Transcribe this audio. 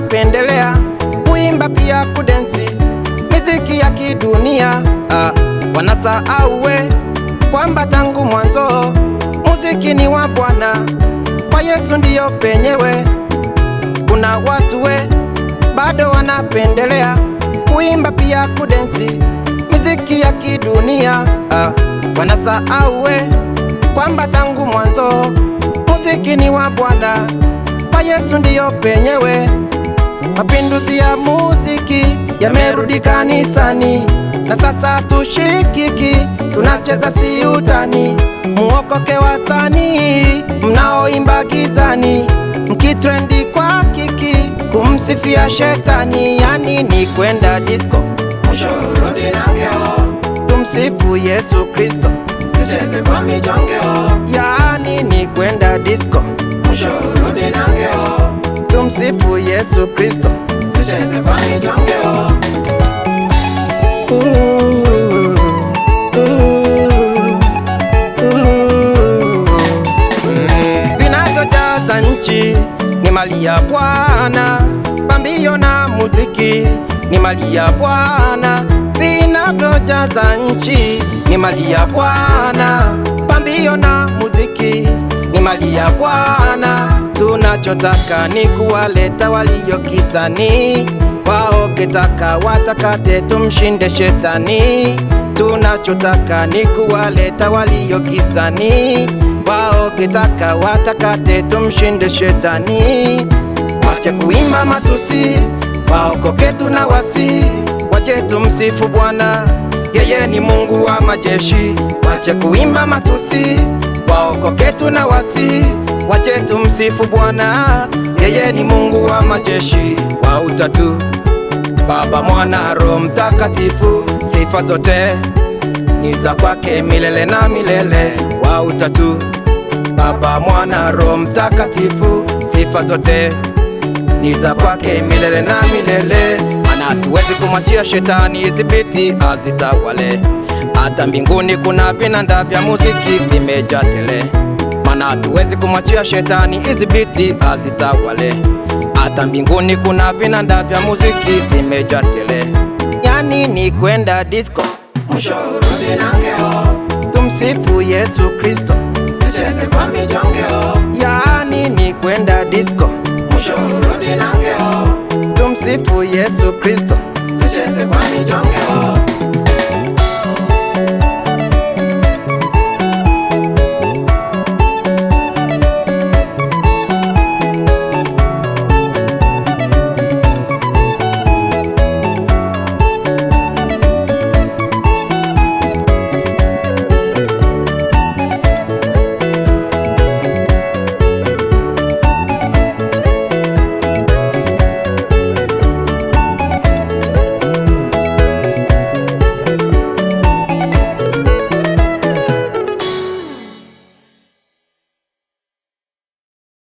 napendelea kuimba pia kudensi miziki ya kidunia. Ah, wanasahau we kwamba tangu mwanzo muziki ni wa Bwana, kwa Yesu ndiyo penyewe. Kuna watu we bado wanapendelea kuimba pia kudensi miziki ya kidunia. Ah, wanasahau we kwamba tangu mwanzo muziki ni wa Bwana, kwa Yesu ndiyo penyewe. Mapinduzi ya muziki yamerudi kanisani, na sasa tushikiki, tunacheza siutani, muokoke wasanii mnaoimba gizani, mkitrendi kwa kiki kumsifia shetani, yani ni kwenda disco tumsifu Yesu Kristo, yani ni kwenda disco kumsifu Yesu Kristo. Vinavyojaza nchi ni mali ya Bwana, pambio na muziki ni mali ya Bwana. Vinavyojaza nchi ni mali ya Bwana, pambio na muziki ni mali ya Bwana. Ninachotaka ni kuwaleta walio kisani, kitaka watakate, tumshinde shetani. Tunachotaka ni kuwaleta walio kisani, kitaka watakate, tumshinde shetani. Wache kuimba matusi, waokoke wasi, wache tumsifu Bwana, yeye ni Mungu wa majeshi. Wache kuimba matusi, waokoke tunawasi Wache tumsifu Bwana, yeye ni Mungu wa majeshi, wa utatu, Baba, Mwana, Roho Mtakatifu. Sifa zote ni za kwake milele na milele, wa utatu, Baba, Mwana, Roho Mtakatifu. Sifa zote ni za kwake milele na milele, maana hatuwezi kumwachia shetani izibiti azitawale. Hata mbinguni kuna vinanda vya muziki vimejatele na tuwezi kumwachia shetani hizi biti azitawale. Hata mbinguni kuna vinanda vya muziki vimeja tele, yani ni kwenda disco. Mwisho urudi na ngeo, tumsifu Yesu Kristo, tucheze kwa mijongeo, yani ni kwenda disco. Mwisho urudi na ngeo, tumsifu Yesu Kristo, tucheze kwa mijongeo.